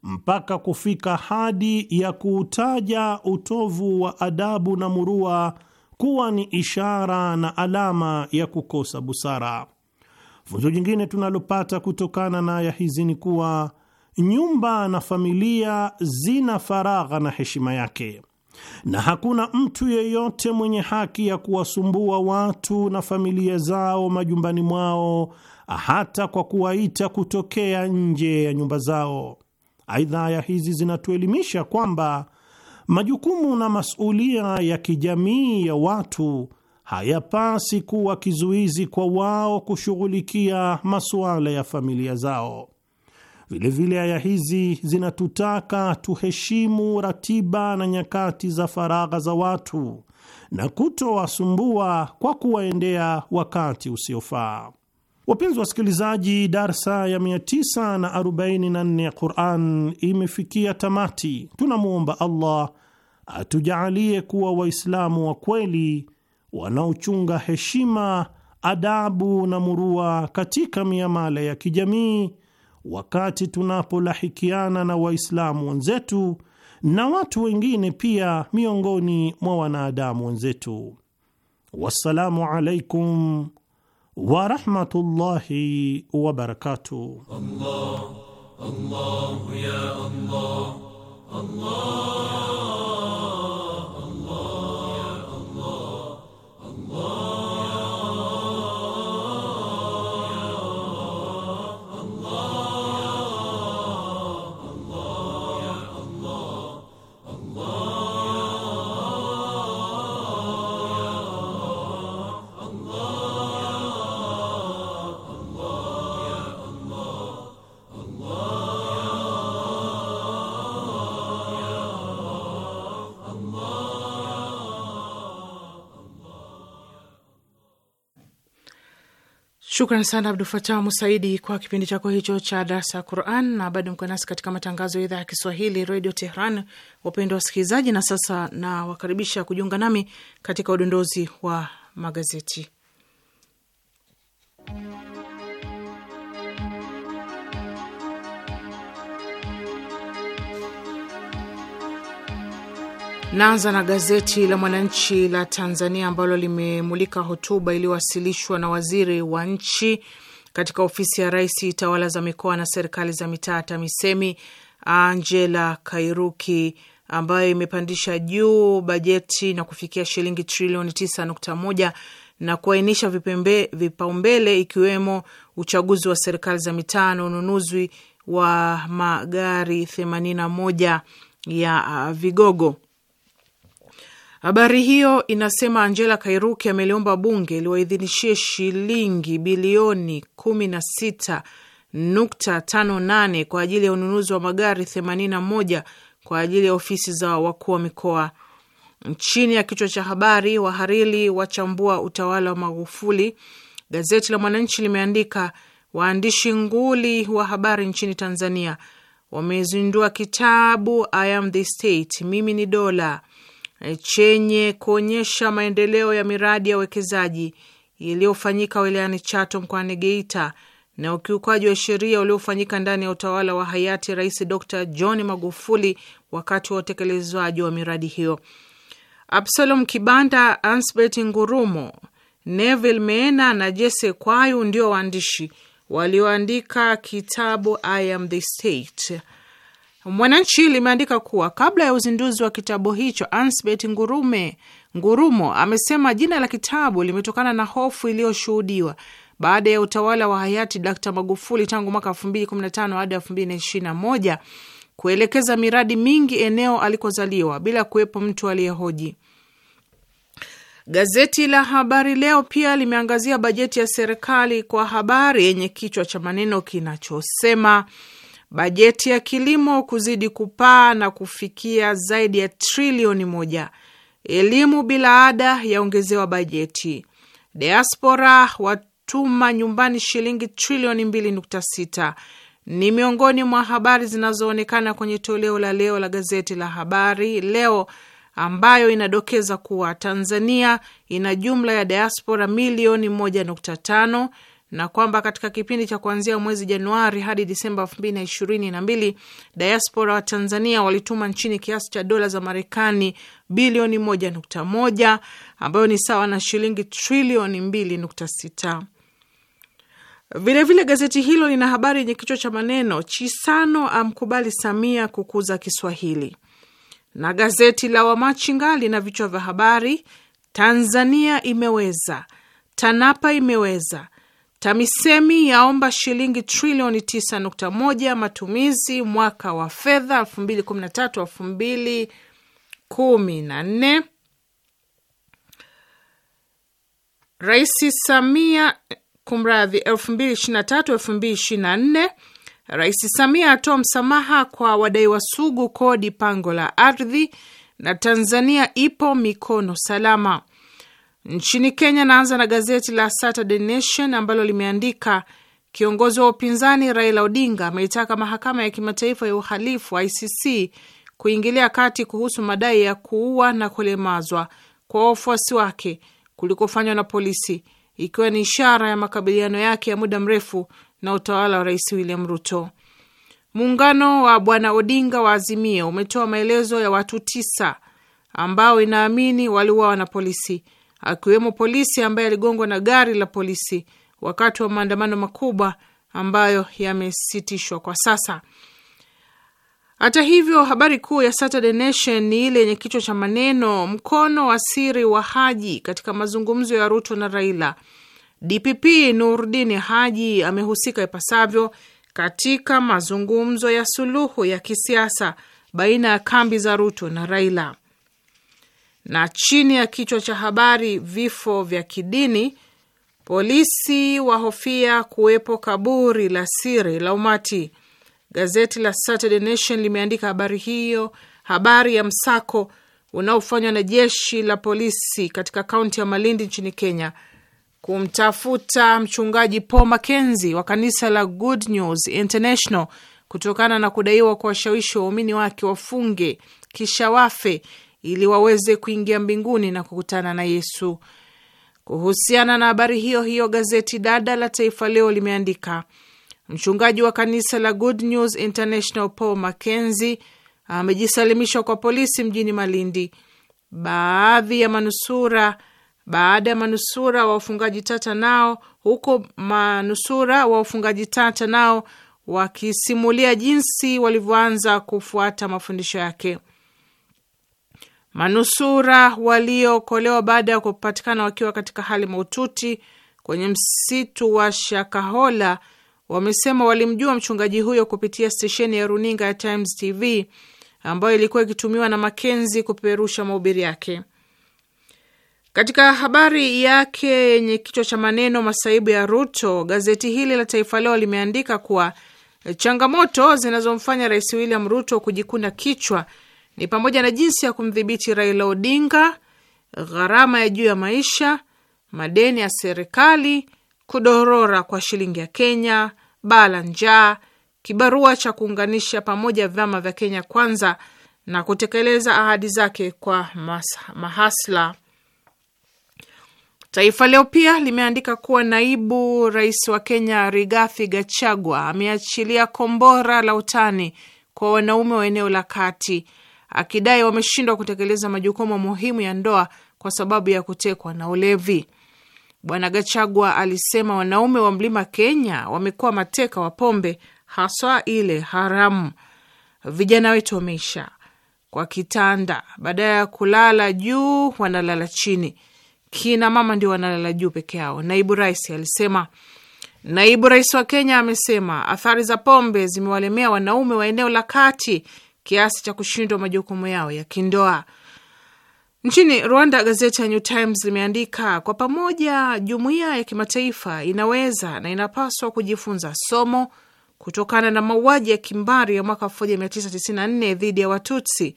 mpaka kufika hadi ya kuutaja utovu wa adabu na murua kuwa ni ishara na alama ya kukosa busara. Funzo jingine tunalopata kutokana na aya hizi ni kuwa nyumba na familia zina faragha na heshima yake, na hakuna mtu yeyote mwenye haki ya kuwasumbua watu na familia zao majumbani mwao, hata kwa kuwaita kutokea nje ya nyumba zao. Aidha, aya hizi zinatuelimisha kwamba majukumu na masulia ya kijamii ya watu hayapasi kuwa kizuizi kwa wao kushughulikia masuala ya familia zao. Vilevile aya hizi zinatutaka tuheshimu ratiba na nyakati za faragha za watu na kutowasumbua kwa kuwaendea wakati usiofaa. Wapenzi wasikilizaji, darsa ya 944 ya Quran imefikia tamati. Tunamwomba Allah atujaalie kuwa Waislamu wa kweli wanaochunga heshima, adabu na murua katika miamala ya kijamii, wakati tunapolahikiana na Waislamu wenzetu na watu wengine pia miongoni mwa wanadamu wenzetu. Wassalamu alaikum ورحمة الله وبركاته الله الله يا الله الله Shukran sana Abdul Fatah Musaidi kwa kipindi chako hicho cha darasa ya Quran, na bado mko nasi katika matangazo ya idhaa ya Kiswahili redio Tehran. Wapendwa wasikilizaji, na sasa nawakaribisha kujiunga nami katika udondozi wa magazeti. Naanza na gazeti la Mwananchi la Tanzania ambalo limemulika hotuba iliyowasilishwa na waziri wa nchi katika ofisi ya rais tawala za mikoa na serikali za mitaa TAMISEMI Angela Kairuki ambayo imepandisha juu bajeti na kufikia shilingi trilioni 9.1 na kuainisha vipaumbele ikiwemo uchaguzi wa serikali za mitaa na ununuzi wa magari 81 ya uh, vigogo. Habari hiyo inasema Angela Kairuki ameliomba bunge liwaidhinishie shilingi bilioni 16.58 kwa ajili ya ununuzi wa magari 81 kwa ajili ya ofisi za wakuu wa mikoa. Chini ya kichwa cha habari wahariri wachambua utawala wa Magufuli, gazeti la Mwananchi limeandika waandishi nguli wa habari nchini Tanzania wamezindua kitabu I am the State, mimi ni dola Eh, chenye kuonyesha maendeleo ya miradi ya uwekezaji iliyofanyika wilayani Chato mkoani Geita na ukiukaji wa sheria uliofanyika ndani ya utawala wa hayati Rais Dr John Magufuli wakati wa utekelezwaji wa miradi hiyo. Absalom Kibanda, Ansbet Ngurumo, Neville Meena na Jesse Kwayu ndio waandishi walioandika kitabu I Am The State Mwananchi limeandika kuwa kabla ya uzinduzi wa kitabu hicho, Ansbet Ngurume Ngurumo amesema jina la kitabu limetokana na hofu iliyoshuhudiwa baada ya utawala wa hayati Dkt Magufuli tangu mwaka 2015 hadi 2021 kuelekeza miradi mingi eneo alikozaliwa bila kuwepo mtu aliyehoji. Gazeti la Habari Leo pia limeangazia bajeti ya serikali kwa habari yenye kichwa cha maneno kinachosema bajeti ya kilimo kuzidi kupaa na kufikia zaidi ya trilioni moja. Elimu bila ada yaongezewa bajeti. Diaspora watuma nyumbani shilingi trilioni 6 ni miongoni mwa habari zinazoonekana kwenye toleo la leo la gazeti la Habari Leo, ambayo inadokeza kuwa Tanzania ina jumla ya diaspora milioni 1.5 na kwamba katika kipindi cha kuanzia mwezi Januari hadi Disemba elfu mbili na ishirini na mbili diaspora wa Tanzania walituma nchini kiasi cha dola za Marekani bilioni moja nukta moja ambayo ni sawa na shilingi trilioni mbili nukta sita. Vilevile gazeti hilo lina habari yenye kichwa cha maneno Chisano amkubali Samia kukuza Kiswahili, na gazeti la Wamachinga lina vichwa vya habari Tanzania imeweza, Tanapa imeweza TAMISEMI yaomba shilingi trilioni 9.1 matumizi mwaka wa fedha 2013 2014. Rais Samia kumradhi, 2023 2024. Rais Samia atoa msamaha kwa wadaiwa sugu kodi pango la ardhi, na Tanzania ipo mikono salama. Nchini Kenya, naanza na gazeti la Saturday Nation ambalo limeandika kiongozi wa upinzani Raila Odinga ameitaka mahakama ya kimataifa ya uhalifu ICC kuingilia kati kuhusu madai ya kuua na kulemazwa kwa wafuasi wake kulikofanywa na polisi, ikiwa ni ishara ya makabiliano yake ya muda mrefu na utawala wa Rais William Ruto. Muungano wa Bwana Odinga wa Azimio umetoa maelezo ya watu tisa ambao inaamini waliuawa na polisi akiwemo polisi ambaye aligongwa na gari la polisi wakati wa maandamano makubwa ambayo yamesitishwa kwa sasa. Hata hivyo, habari kuu ya Saturday Nation ni ile yenye kichwa cha maneno mkono wa siri wa Haji katika mazungumzo ya Ruto na Raila. DPP Nurdin Haji amehusika ipasavyo katika mazungumzo ya suluhu ya kisiasa baina ya kambi za Ruto na Raila na chini ya kichwa cha habari vifo vya kidini, polisi wahofia kuwepo kaburi la siri la umati. Gazeti la Saturday Nation limeandika habari hiyo, habari ya msako unaofanywa na jeshi la polisi katika kaunti ya Malindi nchini Kenya kumtafuta mchungaji Paul Makenzi wa kanisa la Good News International kutokana na kudaiwa kuwashawishi waumini wake wafunge kisha wafe ili waweze kuingia mbinguni na kukutana na Yesu. Kuhusiana na habari hiyo hiyo, gazeti dada la Taifa Leo limeandika mchungaji wa kanisa la Good News International Paul Mackenzie amejisalimishwa kwa polisi mjini Malindi. Baadhi ya manusura baada ya manusura wa ufungaji tata nao huko manusura wa ufungaji tata nao wakisimulia jinsi walivyoanza kufuata mafundisho yake. Manusura waliookolewa baada ya kupatikana wakiwa katika hali maututi kwenye msitu wa Shakahola wamesema walimjua mchungaji huyo kupitia stesheni ya runinga ya Times TV ambayo ilikuwa ikitumiwa na Makenzi kupeperusha mahubiri yake. Katika habari yake yenye kichwa cha maneno masaibu ya Ruto, gazeti hili la Taifa Leo limeandika kuwa changamoto zinazomfanya Rais William Ruto kujikuna kichwa ni pamoja na jinsi ya kumdhibiti Raila Odinga, gharama ya juu ya maisha, madeni ya serikali, kudorora kwa shilingi ya Kenya, baa la njaa, kibarua cha kuunganisha pamoja vyama vya Kenya Kwanza na kutekeleza ahadi zake kwa mahasla. Taifa Leo pia limeandika kuwa naibu rais wa Kenya Rigathi Gachagua ameachilia kombora la utani kwa wanaume wa eneo la kati akidai wameshindwa kutekeleza majukumu muhimu ya ndoa kwa sababu ya kutekwa na ulevi. Bwana Gachagua alisema wanaume wa mlima Kenya wamekuwa mateka wa pombe, haswa ile haramu. Vijana wetu wameisha kwa kitanda, badala ya kulala juu wanalala chini. Kina mama ndio wanalala juu peke yao, naibu rais alisema. Naibu rais wa Kenya amesema athari za pombe zimewalemea wanaume wa eneo la kati kiasi cha kushindwa majukumu yao ya kindoa. Nchini Rwanda, gazeti ya New Times limeandika kwa pamoja, jumuiya ya kimataifa inaweza na inapaswa kujifunza somo kutokana na mauaji ya kimbari ya mwaka 1994 dhidi ya Watutsi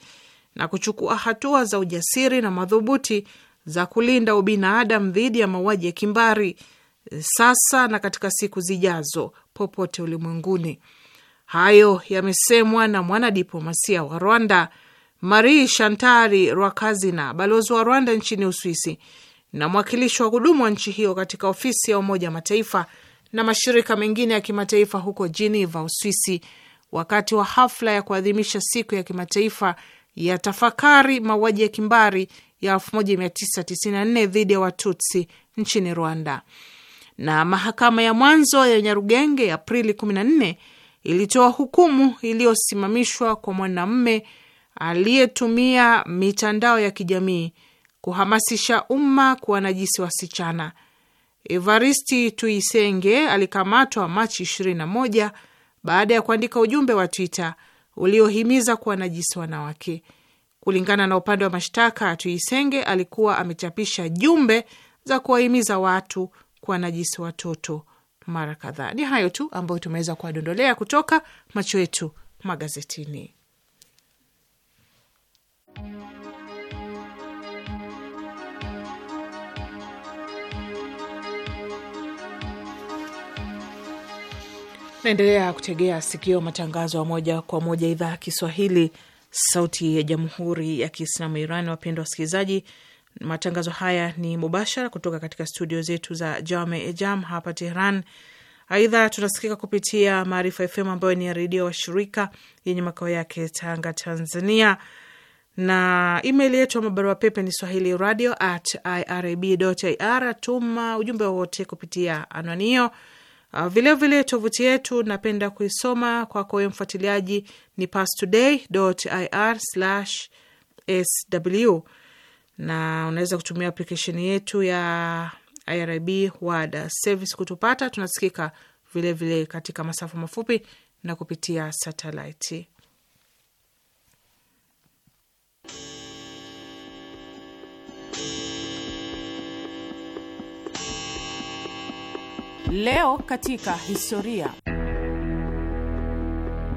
na kuchukua hatua za ujasiri na madhubuti za kulinda ubinadamu dhidi ya mauaji ya kimbari sasa na katika siku zijazo popote ulimwenguni. Hayo yamesemwa na mwanadiplomasia wa Rwanda Marie Shantari Rwakazina, balozi wa Rwanda nchini Uswisi na mwakilishi wa kudumu wa nchi hiyo katika ofisi ya Umoja wa Mataifa na mashirika mengine ya kimataifa huko Geneva, Uswisi, wakati wa hafla ya kuadhimisha siku ya kimataifa ya tafakari mauaji ya kimbari ya 1994 dhidi ya Watutsi nchini Rwanda. Na mahakama ya mwanzo ya Nyarugenge Aprili 14 ilitoa hukumu iliyosimamishwa kwa mwanamme aliyetumia mitandao ya kijamii kuhamasisha umma kuwa najisi wasichana. Evaristi Tuisenge alikamatwa Machi 21 baada ya kuandika ujumbe wa Twitter uliohimiza kuwa najisi wanawake. Kulingana na upande wa mashtaka, Tuisenge alikuwa amechapisha jumbe za kuwahimiza watu kuwa najisi watoto mara kadhaa. Ni hayo tu ambayo tumeweza kuwadondolea kutoka macho yetu magazetini. Naendelea kutegea sikio matangazo ya moja kwa moja idhaa ya Kiswahili, sauti ya jamhuri ya kiislamu Iran. Wapendwa wasikilizaji Matangazo haya ni mubashara kutoka katika studio zetu za Jame e Jam hapa Tehran. Aidha, tunasikika kupitia Maarifa FM ambayo ni redio wa shirika yenye makao yake Tanga, Tanzania, na email yetu ama barua pepe ni swahili radio at irib Tuma ujumbe wowote kupitia anwani hiyo. Vilevile ah, tovuti yetu napenda kuisoma kwako wewe mfuatiliaji ni pastoday ir sw na unaweza kutumia aplikesheni yetu ya IRIB World Service kutupata. Tunasikika vilevile vile katika masafa mafupi na kupitia satelaiti. Leo katika historia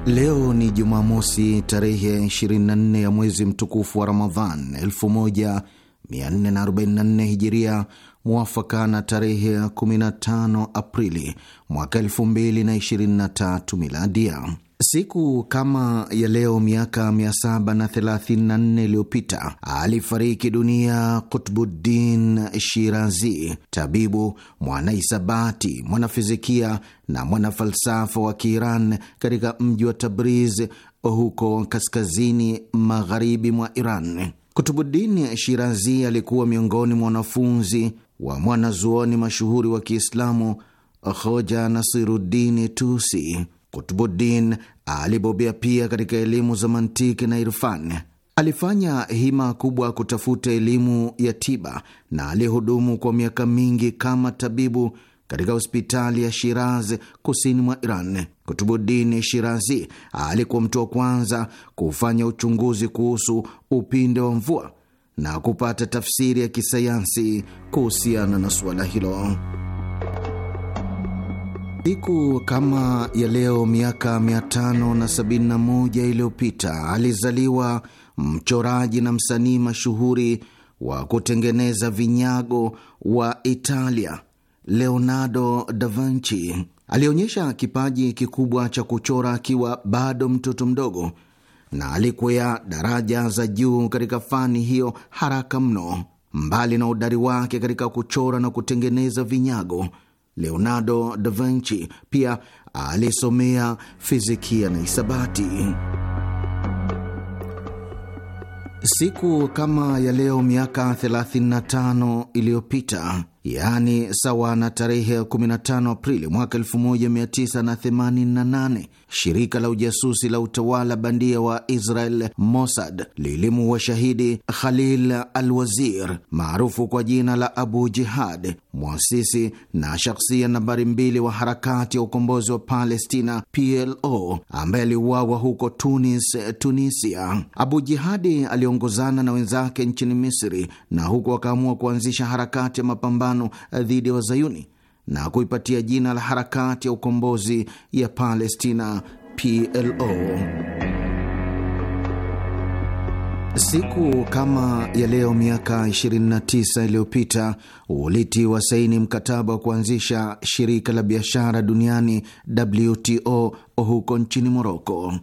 Leo ni Jumamosi tarehe 24 ya mwezi mtukufu wa Ramadhan 1444 Hijiria, mwafaka na tarehe 15 Aprili mwaka 2023 Miladia. Siku kama ya leo miaka 734 iliyopita alifariki dunia Kutbuddin Shirazi, tabibu, mwanahisabati, mwanafizikia na mwanafalsafa wa Kiiran katika mji wa Tabriz huko kaskazini magharibi mwa Iran. Kutubuddin Shirazi alikuwa miongoni mwa wanafunzi wa mwanazuoni mashuhuri wa Kiislamu Hoja Nasiruddin Tusi. Kutubuddin Alibobea pia katika elimu za mantiki na irfan Alifanya hima kubwa kutafuta elimu ya tiba na alihudumu kwa miaka mingi kama tabibu katika hospitali ya Shiraz kusini mwa Iran. Kutubudini Shirazi alikuwa mtu wa kwanza kufanya uchunguzi kuhusu upinde wa mvua na kupata tafsiri ya kisayansi kuhusiana na suala hilo. Siku kama ya leo miaka 571 iliyopita alizaliwa mchoraji na msanii mashuhuri wa kutengeneza vinyago wa Italia, Leonardo da Vinci. Alionyesha kipaji kikubwa cha kuchora akiwa bado mtoto mdogo na alikwea daraja za juu katika fani hiyo haraka mno. Mbali na udari wake katika kuchora na kutengeneza vinyago Leonardo da Vinci pia alisomea fizikia na hisabati. Siku kama ya leo miaka 35 iliyopita, yaani sawa na tarehe 15 Aprili mwaka 1988 shirika la ujasusi la utawala bandia wa Israel Mossad lilimuua shahidi Khalil al-Wazir maarufu kwa jina la Abu Jihad, mwasisi na shakhsia nambari mbili wa harakati ya ukombozi wa Palestina PLO, ambaye aliuawa huko Tunis, Tunisia. Abu Jihadi aliongozana na wenzake nchini Misri na huko akaamua kuanzisha harakati ya mapambano dhidi ya wa Wazayuni na kuipatia jina la harakati ya ukombozi ya Palestina, PLO. Siku kama ya leo miaka 29 iliyopita ulitiwa saini mkataba wa kuanzisha shirika la biashara duniani WTO huko nchini Moroko.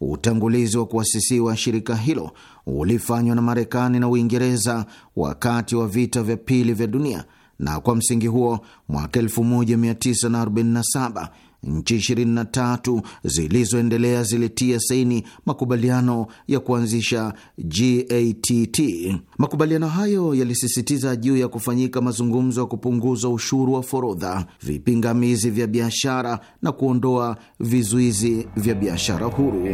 Utangulizi wa kuasisiwa shirika hilo ulifanywa na Marekani na Uingereza wakati wa vita vya pili vya dunia na kwa msingi huo mwaka 1947 nchi 23 zilizoendelea zilitia saini makubaliano ya kuanzisha GATT. Makubaliano hayo yalisisitiza juu ya kufanyika mazungumzo ya kupunguza ushuru wa forodha, vipingamizi vya biashara na kuondoa vizuizi vya biashara huru.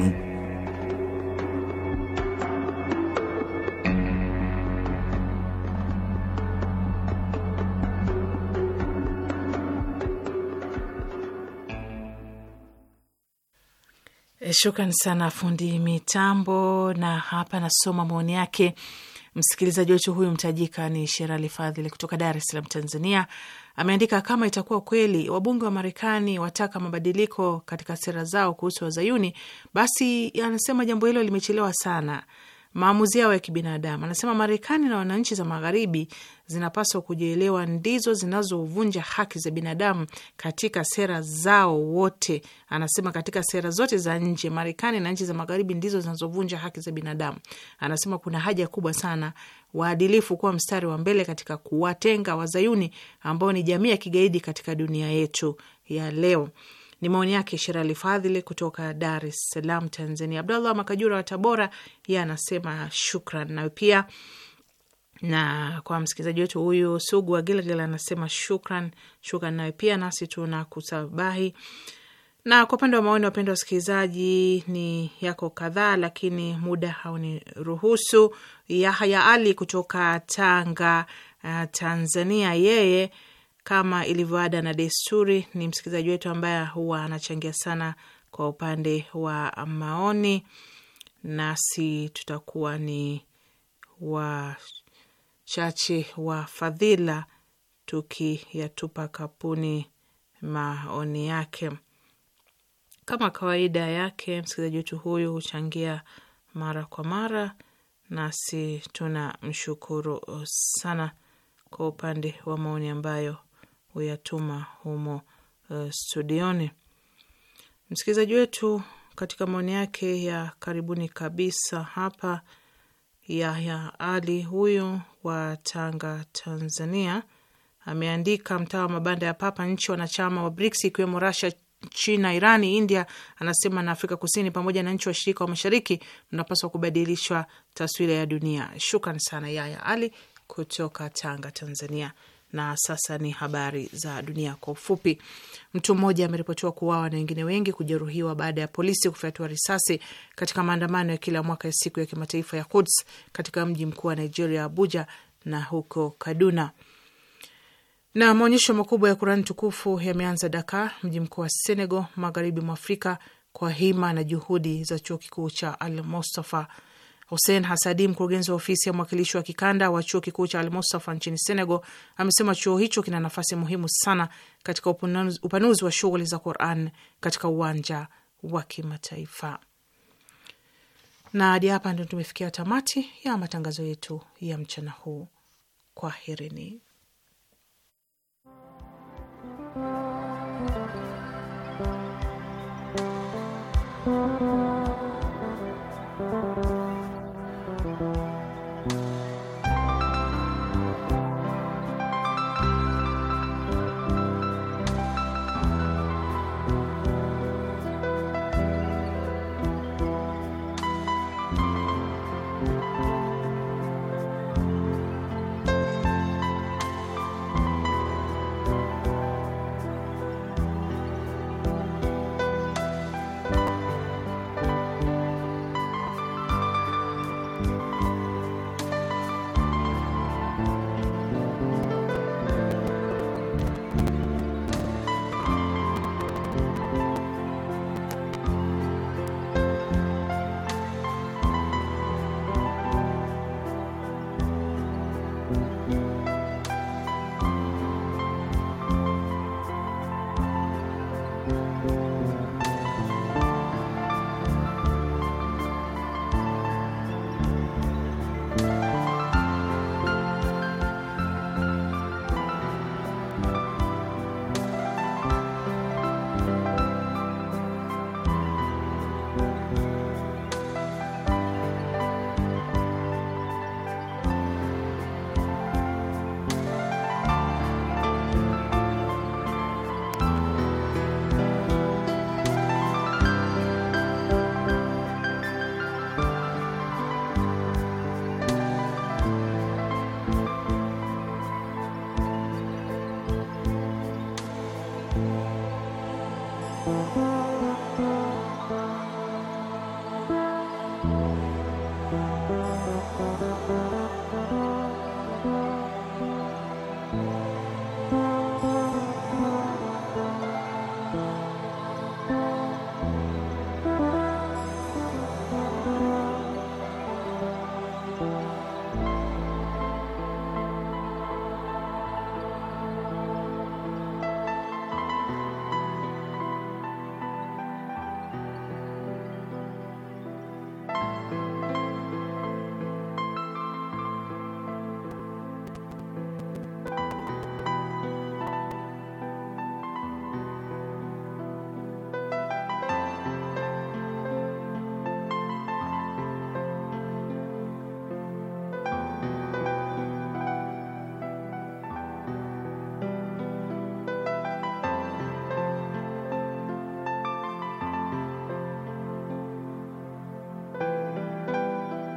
Eh, shukran sana fundi mitambo, na hapa nasoma maoni yake msikilizaji wetu huyu mtajika ni Sherali Fadhili kutoka Dar es Salaam, Tanzania. Ameandika, kama itakuwa kweli wabunge wa Marekani wataka mabadiliko katika sera zao kuhusu wazayuni, basi anasema jambo hilo limechelewa sana, maamuzi yao ya kibinadamu. Anasema Marekani na wananchi za magharibi zinapaswa kujielewa ndizo zinazovunja haki za binadamu katika sera zao wote. Anasema katika sera zote za nje, Marekani na nchi za magharibi ndizo zinazovunja haki za binadamu. Anasema kuna haja kubwa sana waadilifu kuwa mstari wa mbele katika kuwatenga wazayuni ambao ni jamii ya kigaidi katika dunia yetu ya leo. Ni maoni yake Sherali Fadhili kutoka Dar es Salaam, Tanzania. Abdallah Makajura wa Tabora, yeye anasema shukran. Nawe pia na kwa msikilizaji wetu huyu Sugu wa Gilgil anasema shukran, shukran nawe pia, nasi tuna kusabahi. Na kwa upande wa maoni, wapendwa wasikilizaji, ni yako kadhaa, lakini muda hauniruhusu. Yahya Ali kutoka Tanga, uh, Tanzania, yeye kama ilivyoada na desturi ni msikilizaji wetu ambaye huwa anachangia sana kwa upande wa maoni, nasi tutakuwa ni wa chache wa fadhila, tukiyatupa kapuni maoni yake. Kama kawaida yake, msikilizaji wetu huyu huchangia mara kwa mara, nasi tuna mshukuru sana kwa upande wa maoni ambayo huyatuma humo uh, studioni. Msikilizaji wetu katika maoni yake ya karibuni kabisa hapa Yahya Ali huyu wa Tanga, Tanzania, ameandika mtaa wa mabanda ya papa, nchi wanachama wa BRICS ikiwemo rasha China, Irani, India, anasema na Afrika Kusini pamoja na nchi washirika wa mashariki mnapaswa kubadilishwa taswira ya dunia. Shukran sana Yahya Ali kutoka Tanga, Tanzania. Na sasa ni habari za dunia kwa ufupi. Mtu mmoja ameripotiwa kuuawa na wengine wengi kujeruhiwa baada ya polisi kufyatua risasi katika maandamano ya kila mwaka ya siku ya kimataifa ya Quds katika mji mkuu wa Nigeria, Abuja, na huko Kaduna. Na maonyesho makubwa ya Kurani tukufu yameanza Dakar, mji mkuu wa Senegal, magharibi mwa Afrika, kwa hima na juhudi za chuo kikuu cha Al Mustafa Hussein Hasadi, mkurugenzi wa ofisi ya mwakilishi wa kikanda wa chuo kikuu cha almusafa nchini Senegal, amesema chuo hicho kina nafasi muhimu sana katika upanuzi wa shughuli za Quran katika uwanja wa kimataifa. Na hadi hapa ndio tumefikia tamati ya matangazo yetu ya mchana huu. Kwaherini.